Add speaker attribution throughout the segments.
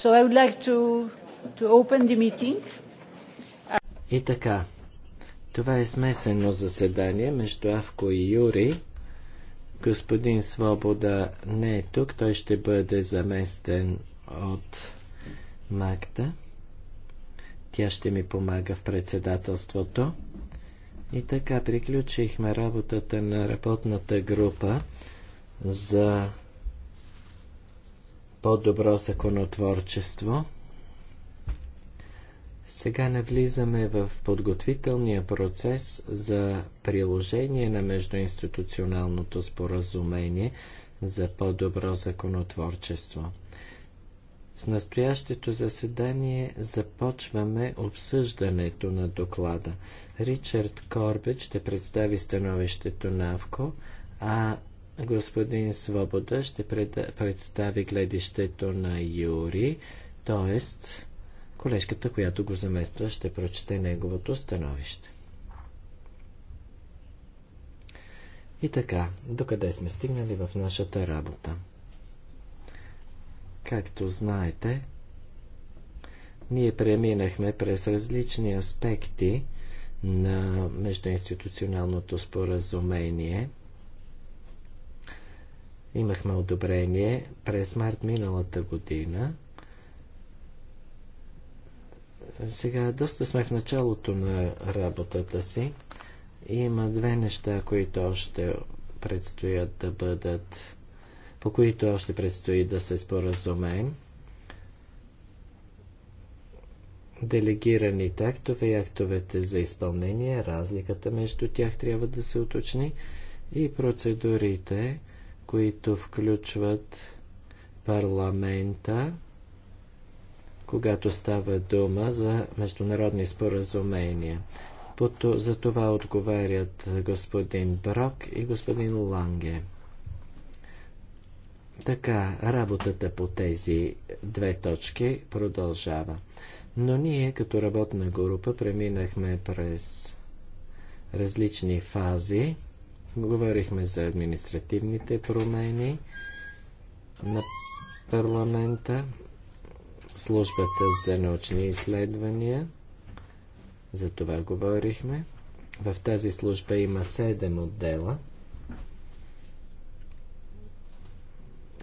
Speaker 1: So I would like to, to open the meeting.
Speaker 2: И така, това е смесено заседание между Авко и Юри. Господин Свобода не е тук, той ще бъде заместен от Магда. Тя ще ми помага в председателството. И така приключихме работата на работната група за по-добро законотворчество. Сега навлизаме в подготвителния процес за приложение на междуинституционалното споразумение за по-добро законотворчество. С настоящето заседание започваме обсъждането на доклада. Ричард Корбет ще представи становището на АВКО, а господин Свобода ще пред, представи гледището на Юри, т.е. колежката, която го замества, ще прочете неговото становище. И така, докъде сме стигнали в нашата работа? Както знаете, ние преминахме през различни аспекти на междуинституционалното споразумение – Имахме одобрение през март миналата година. Сега доста сме в началото на работата си. Има две неща, които още предстоят да бъдат, по които още предстои да се споразумеем. Делегираните актове и актовете за изпълнение, разликата между тях трябва да се уточни и процедурите които включват парламента, когато става дума за международни споразумения. За това отговарят господин Брок и господин Ланге. Така, работата по тези две точки продължава. Но ние като работна група преминахме през различни фази. Говорихме за административните промени на парламента, службата за научни изследвания. За това говорихме. В тази служба има 7 отдела.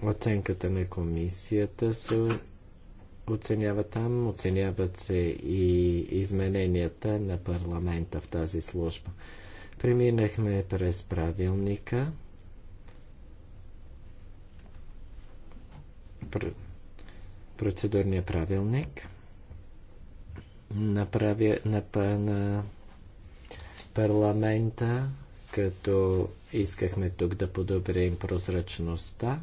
Speaker 2: Оценката на комисията се оценява там, оценяват се и измененията на парламента в тази служба. Преминахме през правилника. Процедурния правилник. направи, напа, на парламента, като искахме тук да подобрим прозрачността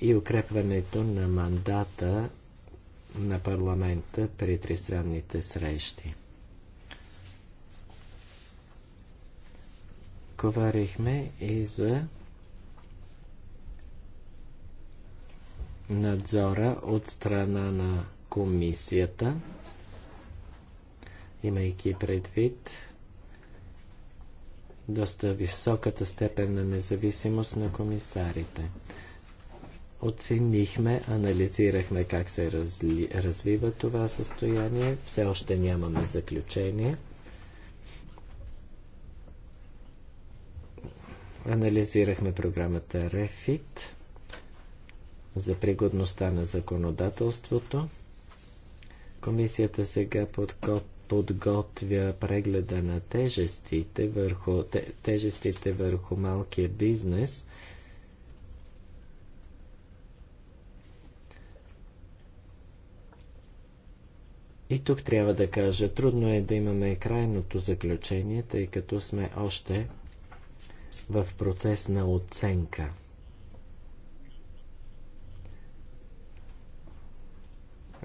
Speaker 2: и укрепването на мандата на парламента при тристранните срещи. Говорихме и за надзора от страна на комисията, имайки предвид доста високата степен на независимост на комисарите. Оценихме, анализирахме как се разли, развива това състояние. Все още нямаме заключение – Анализирахме програмата REFIT за пригодността на законодателството. Комисията сега подготвя прегледа на тежестите върху, тежестите върху малкия бизнес – И тук трябва да кажа, трудно е да имаме крайното заключение, тъй като сме още в процес на оценка.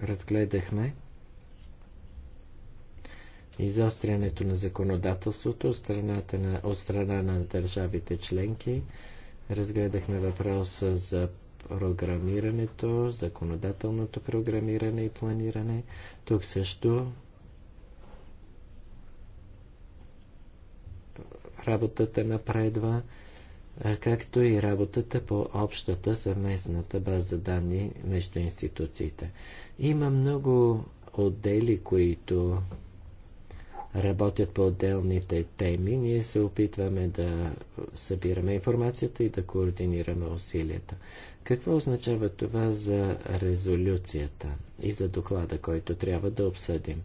Speaker 2: Разгледахме изострянето на законодателството от, на, от страна на държавите членки. Разгледахме въпроса за програмирането, законодателното програмиране и планиране. Тук също как работата напредва, както и работата по общата съвместната база данни между институциите. Има много отдели, които работят по отделните теми. Ние се опитваме да събираме информацията и да координираме усилията. Какво означава това за резолюцията и за доклада, който трябва да обсъдим?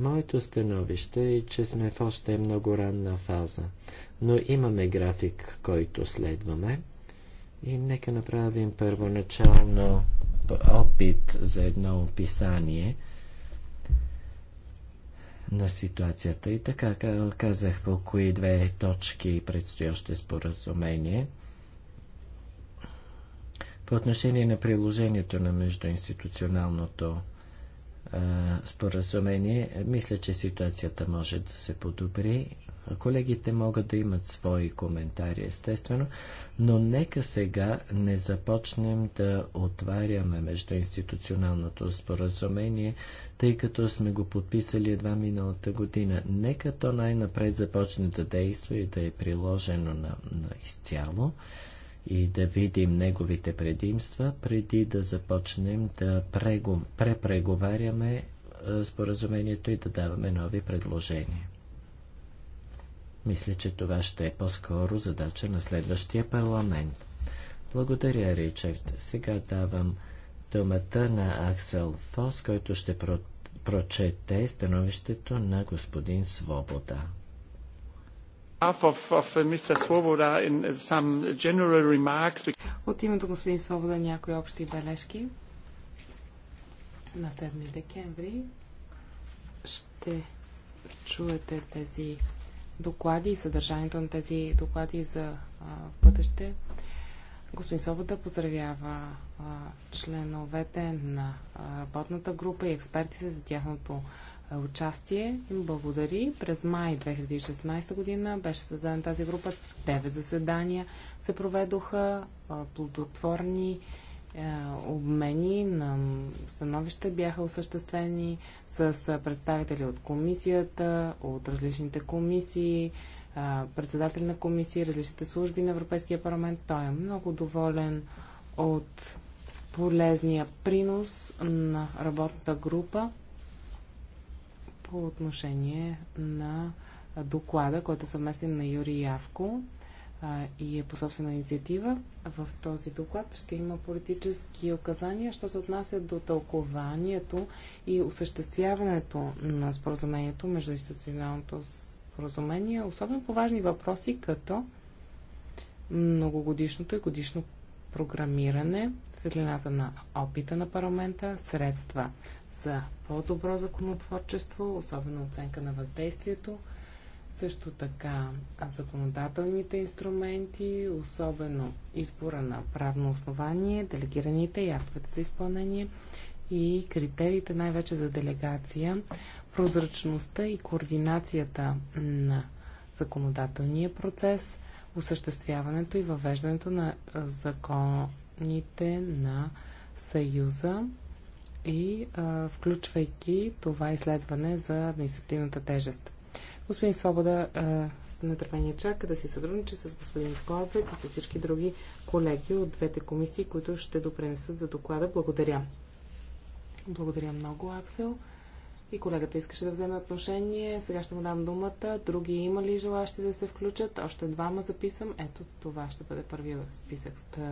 Speaker 2: Моето становище е, че сме в още много ранна фаза, но имаме график, който следваме и нека направим първоначално опит за едно описание на ситуацията. И така казах по кои две точки предстои още споразумение. По отношение на приложението на междуинституционалното споразумение. Мисля, че ситуацията може да се подобри. Колегите могат да имат свои коментари, естествено, но нека сега не започнем да отваряме междуинституционалното споразумение, тъй като сме го подписали едва миналата година. Нека то най-напред започне да действа и да е приложено на, на изцяло и да видим неговите предимства, преди да започнем да препреговаряме е, споразумението и да даваме нови предложения. Мисля, че това ще е по-скоро задача на следващия парламент. Благодаря, Ричард. Сега давам думата на Аксел Фос, който ще про... прочете становището на господин Свобода.
Speaker 1: Uh,
Speaker 3: От името господин Свобода някои общи бележки. На 7 декември ще чуете тези доклади и съдържанието на тези доклади за а, в бъдеще. Господин Собота поздравява а, членовете на работната група и експертите за тяхното а, участие. Им благодари. През май 2016 година беше създадена тази група. Девет заседания се проведоха, а, плодотворни обмени на становища бяха осъществени с представители от комисията, от различните комисии, Председател на комисии, различните служби на Европейския парламент. Той е много доволен от полезния принос на работната група по отношение на доклада, който е съвместен на Юрий Явко и е по собствена инициатива. В този доклад ще има политически указания, що се отнася до тълкованието и осъществяването на споразумението между институционалното споразумения, особено по важни въпроси, като многогодишното и годишно програмиране, светлината на опита на парламента, средства за по-добро законотворчество, особено оценка на въздействието, също така законодателните инструменти, особено избора на правно основание, делегираните и актовете за изпълнение и критериите най-вече за делегация, прозрачността и координацията на законодателния процес, осъществяването и въвеждането на законите на Съюза и а, включвайки това изследване за административната тежест. Господин Свобода а, с нетърпение чака да си сътрудничи с господин Корбет и с всички други колеги от двете комисии, които ще допренесат за доклада. Благодаря. Благодаря много, Аксел. И колегата искаше да вземе отношение. Сега ще му дам думата. Други има ли желащи да се включат? Още двама записам. Ето това ще бъде първия списък е,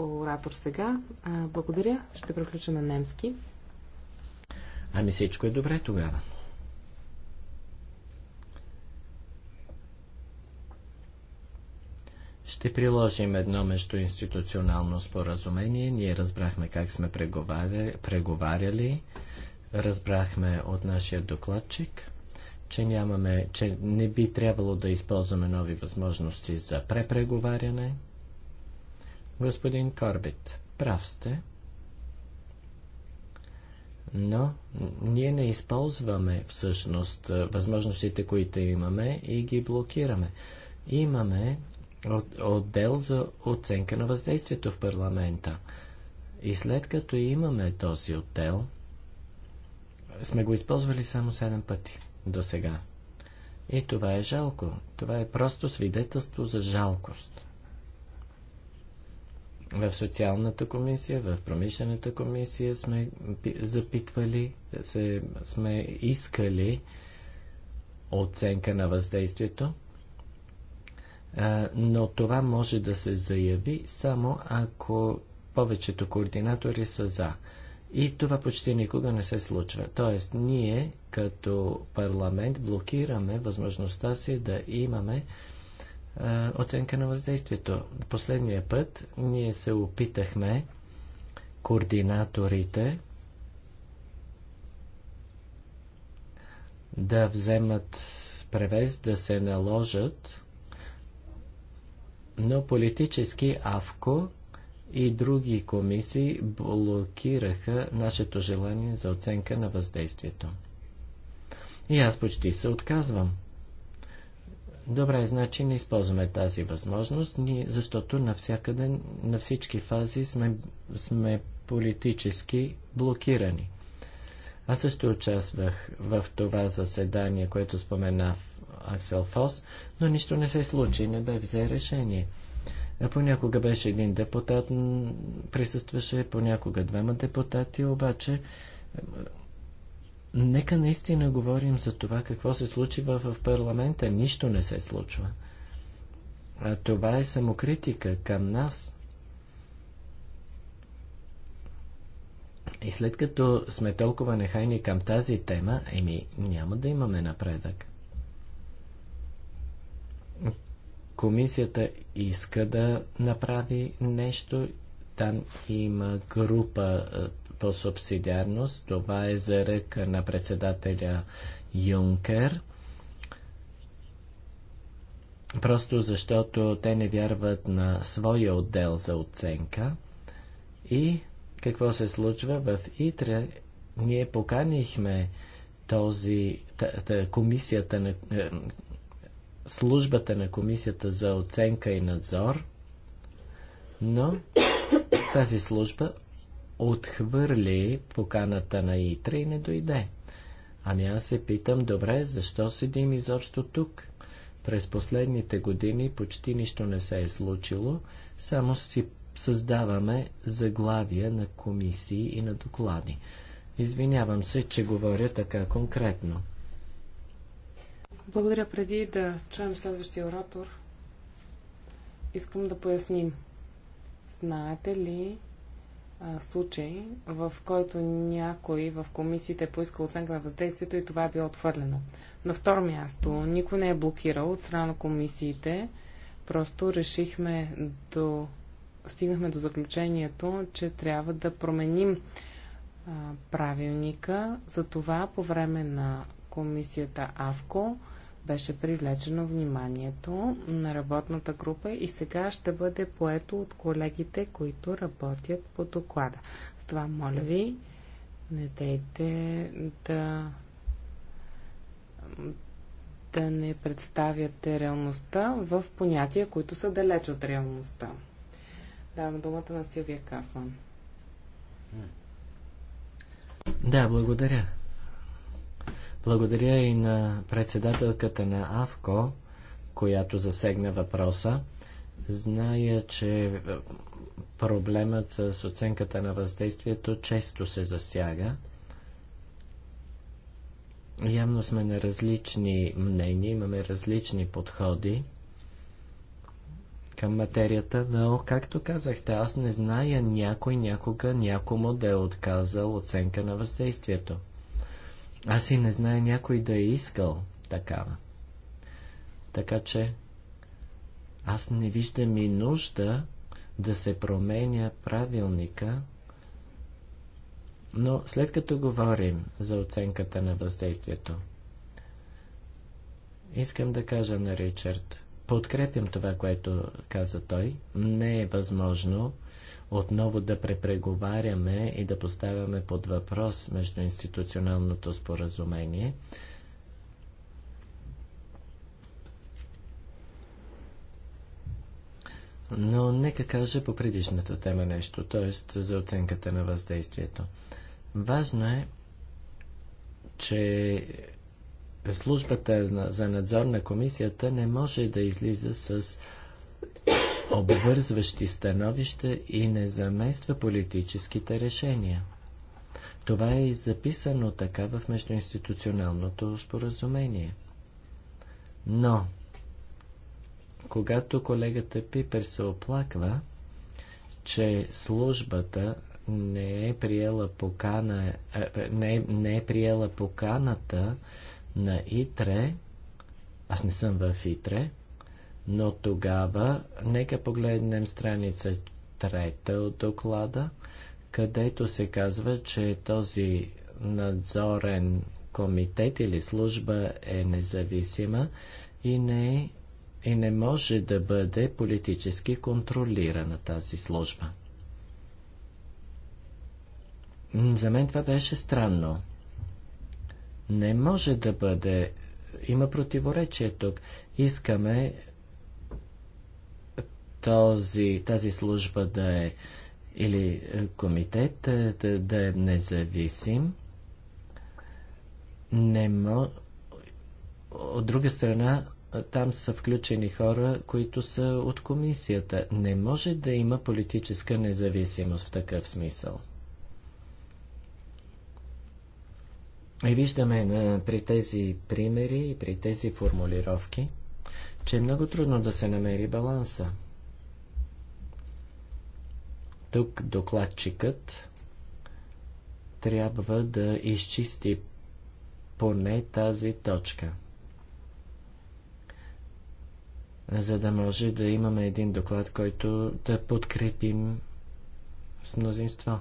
Speaker 3: оратор сега. Е, благодаря. Ще преключа на немски.
Speaker 2: Ами всичко е добре тогава. Ще приложим едно междуинституционално споразумение. Ние разбрахме как сме преговаря... преговаряли. Разбрахме от нашия докладчик, че, нямаме, че не би трябвало да използваме нови възможности за препреговаряне. Господин Корбит, прав сте но ние не използваме всъщност възможностите, които имаме и ги блокираме. Имаме отдел за оценка на въздействието в парламента. И след като имаме този отдел, сме го използвали само 7 пъти до сега. И това е жалко. Това е просто свидетелство за жалкост. В социалната комисия, в промишлената комисия сме запитвали, сме искали оценка на въздействието но това може да се заяви само ако повечето координатори са за. И това почти никога не се случва. Тоест, ние като парламент блокираме възможността си да имаме е, оценка на въздействието. Последния път ние се опитахме координаторите да вземат превез, да се наложат но политически АВКО и други комисии блокираха нашето желание за оценка на въздействието. И аз почти се отказвам. Добре, значи не използваме тази възможност, ни, защото навсякъде, на всички фази сме, сме политически блокирани. Аз също участвах в това заседание, което споменах Аксел Фос, но нищо не се случи, не бе взе решение. Понякога беше един депутат, присъстваше понякога двама депутати, обаче нека наистина говорим за това какво се случва в парламента. Нищо не се случва. А това е самокритика към нас. И след като сме толкова нехайни към тази тема, еми няма да имаме напредък. Комисията иска да направи нещо. Там има група е, по субсидиарност. Това е за ръка на председателя Юнкер. Просто защото те не вярват на своя отдел за оценка. И какво се случва в ИТРЕ? Ние поканихме този, та, та, комисията на е, службата на Комисията за оценка и надзор, но тази служба отхвърли поканата на Итра и не дойде. Ами аз се питам, добре, защо седим изобщо тук? През последните години почти нищо не се е случило, само си създаваме заглавия на комисии и на доклади. Извинявам се, че говоря така конкретно.
Speaker 3: Благодаря. Преди да чуем следващия оратор, искам да поясним. Знаете ли а, случай, в който някой в комисиите е поиска оценка на въздействието и това е било отвърлено. На второ място, никой не е блокирал от страна на комисиите. Просто решихме до... стигнахме до заключението, че трябва да променим правилника. за това по време на комисията АВКО беше привлечено вниманието на работната група и сега ще бъде поето от колегите, които работят по доклада. С това, моля ви, не дейте да да не представяте реалността в понятия, които са далеч от реалността. Давам думата на Силвия Кафман.
Speaker 2: Да, благодаря. Благодаря и на председателката на АВКО, която засегна въпроса. Зная, че е, проблемът с оценката на въздействието често се засяга. Явно сме на различни мнения, имаме различни подходи към материята, но, както казахте, аз не зная някой някога някому да е отказал оценка на въздействието. Аз и не знае някой да е искал такава. Така че аз не виждам и нужда да се променя правилника, но след като говорим за оценката на въздействието, искам да кажа на Ричард, подкрепям това, което каза той. Не е възможно отново да препреговаряме и да поставяме под въпрос междуинституционалното споразумение. Но нека кажа по предишната тема нещо, т.е. за оценката на въздействието. Важно е, че службата за надзор на комисията не може да излиза с обвързващи становища и не замества политическите решения. Това е и записано така в междуинституционалното споразумение. Но, когато колегата Пипер се оплаква, че службата не е приела покана, не, е, не е приела поканата на ИТРЕ, аз не съм в ИТРЕ, но тогава нека погледнем страница трета от доклада, където се казва, че този надзорен комитет или служба е независима и не, и не може да бъде политически контролирана тази служба. За мен това беше странно. Не може да бъде. Има противоречие тук. Искаме този, тази служба да е или е, комитет е, да, да е независим. Не мо... От друга страна, там са включени хора, които са от комисията. Не може да има политическа независимост в такъв смисъл. И виждаме на, е, при тези примери и при тези формулировки, че е много трудно да се намери баланса. Тук докладчикът трябва да изчисти поне тази точка, за да може да имаме един доклад, който да подкрепим с мнозинство.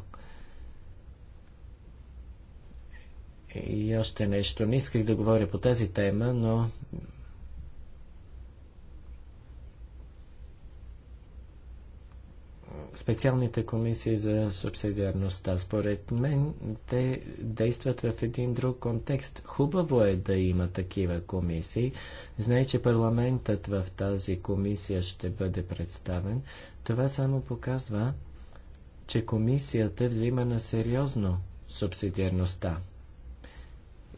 Speaker 2: И още нещо. Не исках да говоря по тази тема, но специалните комисии за субсидиарността. Според мен те действат в един друг контекст. Хубаво е да има такива комисии. Знае, че парламентът в тази комисия ще бъде представен. Това само показва, че комисията взима на сериозно субсидиарността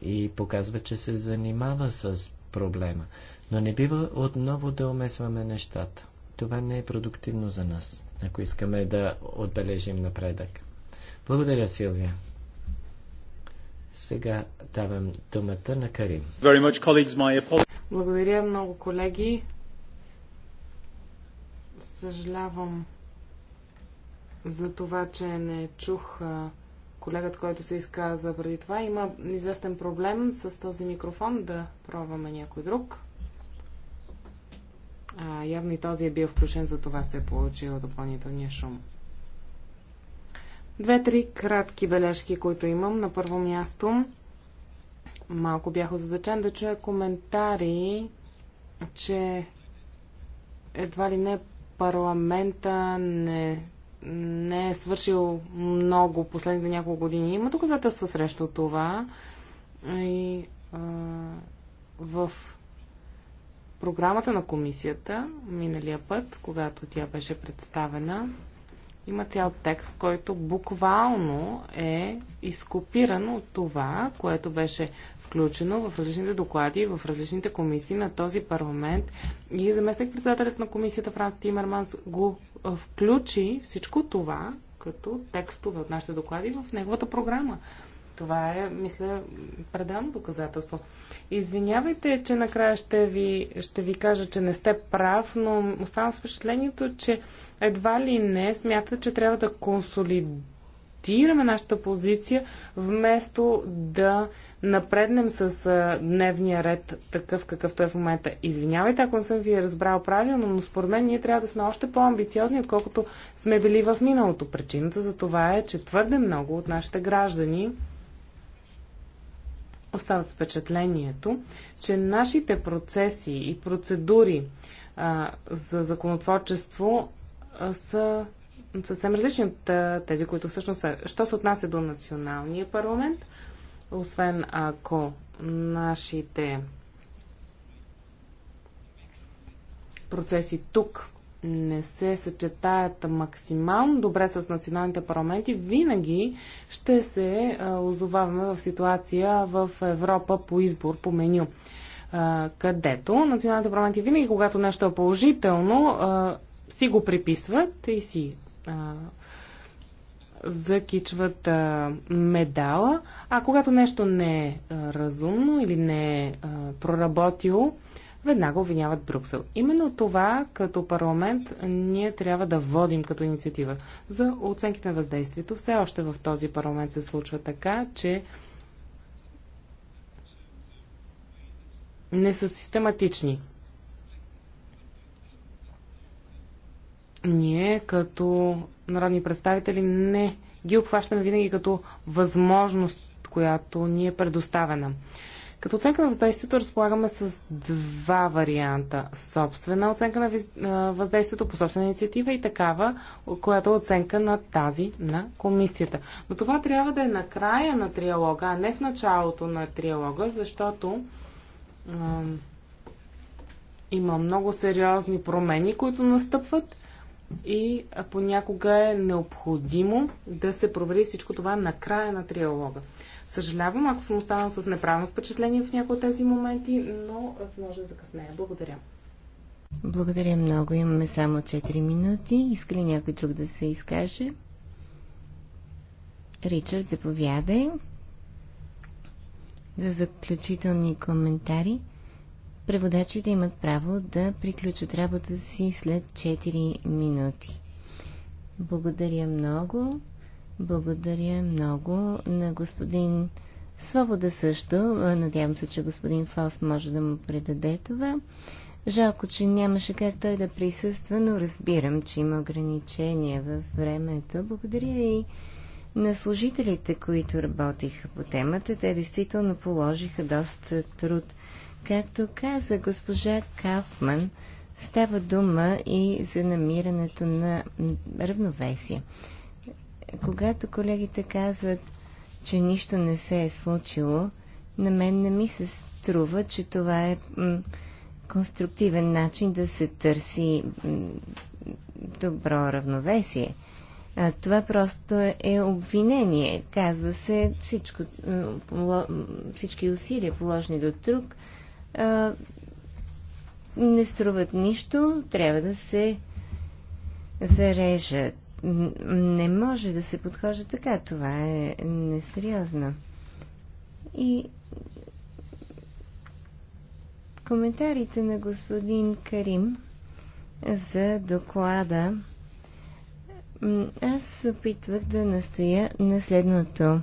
Speaker 2: и показва, че се занимава с проблема. Но не бива отново да омесваме нещата. Това не е продуктивно за нас ако искаме да отбележим напредък. Благодаря, Силвия. Сега давам думата на Карим.
Speaker 3: Благодаря много, колеги. Съжалявам за това, че не чух колегът, който се изказа преди това. Има известен проблем с този микрофон да пробваме някой друг. А, явно и този е бил включен, за това се е получил допълнителния шум. Две-три кратки бележки, които имам. На първо място, малко бях озадачен да чуя коментари, че едва ли не парламента не, не е свършил много последните няколко години. Има доказателства срещу това. И а, в програмата на комисията миналия път, когато тя беше представена, има цял текст, който буквално е изкопиран от това, което беше включено в различните доклади, в различните комисии на този парламент. И заместник председателят на комисията Франс Тимерманс го включи всичко това като текстове от нашите доклади в неговата програма. Това е, мисля, предан доказателство. Извинявайте, че накрая ще ви, ще ви кажа, че не сте прав, но оставам с впечатлението, че едва ли не смятате, че трябва да консолидираме нашата позиция, вместо да напреднем с дневния ред такъв какъвто е в момента. Извинявайте, ако не съм ви разбрал правилно, но според мен ние трябва да сме още по-амбициозни, отколкото сме били в миналото. Причината за това е, че твърде много от нашите граждани остават с впечатлението, че нашите процеси и процедури а, за законотворчество а, са съвсем различни от а, тези, които всъщност са. Що се отнася до националния парламент, освен ако нашите процеси тук не се съчетаят максимално добре с националните парламенти, винаги ще се озоваваме в ситуация в Европа по избор, по меню където националните парламенти винаги, когато нещо е положително, си го приписват и си закичват а, медала, а когато нещо не е а, разумно или не е а, проработило, веднага обвиняват Брюксел. Именно това като парламент ние трябва да водим като инициатива. За оценките на въздействието все още в този парламент се случва така, че не са систематични. Ние като народни представители не ги обхващаме винаги като възможност, която ни е предоставена. Като оценка на въздействието разполагаме с два варианта. Собствена оценка на въздействието по собствена инициатива и такава, която е оценка на тази на комисията. Но това трябва да е на края на триалога, а не в началото на триалога, защото а, има много сериозни промени, които настъпват и понякога е необходимо да се провери всичко това на края на триалога. Съжалявам, ако съм останал с неправилно впечатление в някои от тези моменти, но може да закъснея. Благодаря.
Speaker 1: Благодаря много. Имаме само 4 минути. Иска ли някой друг да се изкаже? Ричард, заповядай за заключителни коментари преводачите имат право да приключат работа си след 4 минути. Благодаря много. Благодаря много на господин Свобода също. Надявам се, че господин Фос може да му предаде това. Жалко, че нямаше как той да присъства, но разбирам, че има ограничения във времето. Благодаря и на служителите, които работиха по темата. Те действително положиха доста труд Както каза госпожа Кафман, става дума и за намирането на равновесие. Когато колегите казват, че нищо не се е случило, на мен не ми се струва, че това е конструктивен начин да се търси добро равновесие. А, това просто е, е обвинение. Казва се всичко, всички усилия положени до друг, а, не струват нищо, трябва да се зарежат. Не може да се подхожда така. Това е несериозно. И коментарите на господин Карим за доклада аз опитвах да настоя на следното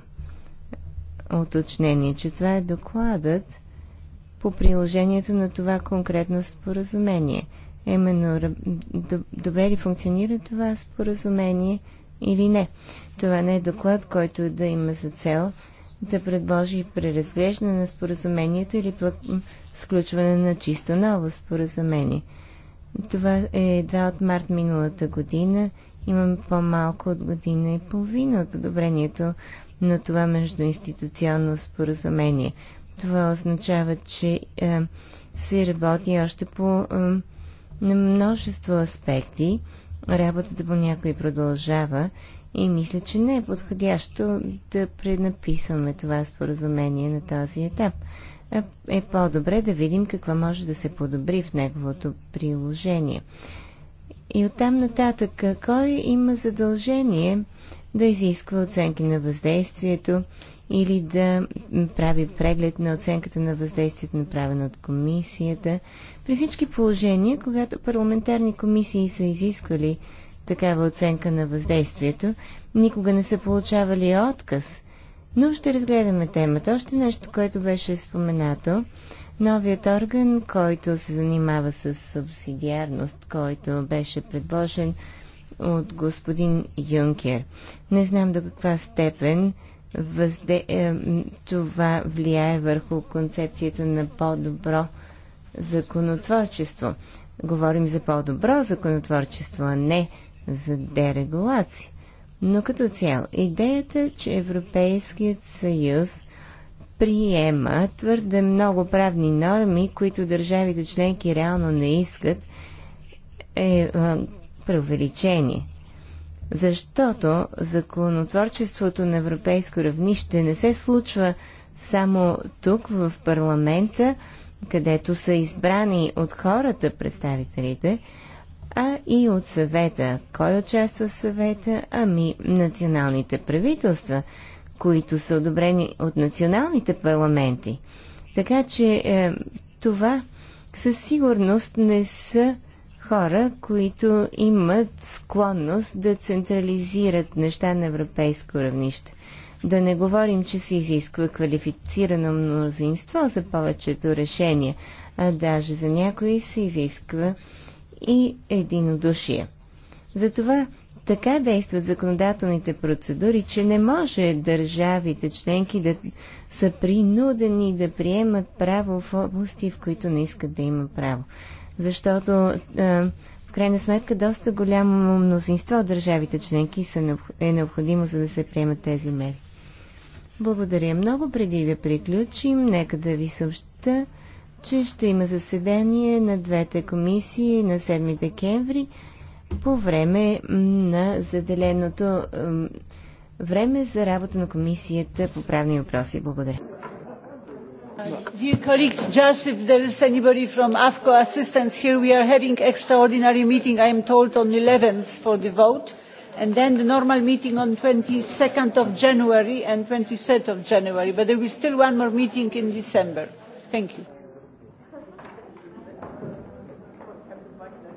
Speaker 1: уточнение, че това е докладът по приложението на това конкретно споразумение. Именно, добре ли функционира това споразумение или не? Това не е доклад, който да има за цел да предложи преразглеждане на споразумението или пък сключване на чисто ново споразумение. Това е едва от март миналата година. Имам по-малко от година и половина от одобрението на това междуинституционно споразумение. Това означава, че е, се работи още по е, множество аспекти. Работата по някой продължава и мисля, че не е подходящо да пренаписваме това споразумение на този етап. Е, е по-добре да видим какво може да се подобри в неговото приложение. И оттам нататък, кой има задължение да изисква оценки на въздействието или да прави преглед на оценката на въздействието, направено от комисията. При всички положения, когато парламентарни комисии са изисквали такава оценка на въздействието, никога не са получавали отказ. Но ще разгледаме темата. Още нещо, което беше споменато. Новият орган, който се занимава с субсидиарност, който беше предложен от господин Юнкер. Не знам до каква степен възде... Е, това влияе върху концепцията на по-добро законотворчество. Говорим за по-добро законотворчество, а не за дерегулация. Но като цяло, идеята, че Европейският съюз приема твърде много правни норми, които държавите членки реално не искат, е преувеличение. Защото законотворчеството на европейско равнище не се случва само тук, в парламента, където са избрани от хората представителите, а и от съвета. Кой участва в съвета? Ами националните правителства, които са одобрени от националните парламенти. Така че е, това със сигурност не са хора, които имат склонност да централизират неща на европейско равнище. Да не говорим, че се изисква квалифицирано мнозинство за повечето решения, а даже за някои се изисква и единодушие. Затова така действат законодателните процедури, че не може държавите членки да са принудени да приемат право в области, в които не искат да има право защото а, в крайна сметка доста голямо мнозинство от държавите членки са, е необходимо, за да се приемат тези мери. Благодаря много. Преди да приключим, нека да ви съобща, че ще има заседание на двете комисии на 7 декември по време на заделеното време за работа на комисията по правни въпроси. Благодаря. Dear colleagues, just if there is anybody from AFCO assistance here, we are having an extraordinary meeting, I am told, on 11th for the vote, and then the normal meeting on 22nd of January and 23rd of January, but there will still one more meeting in December. Thank you.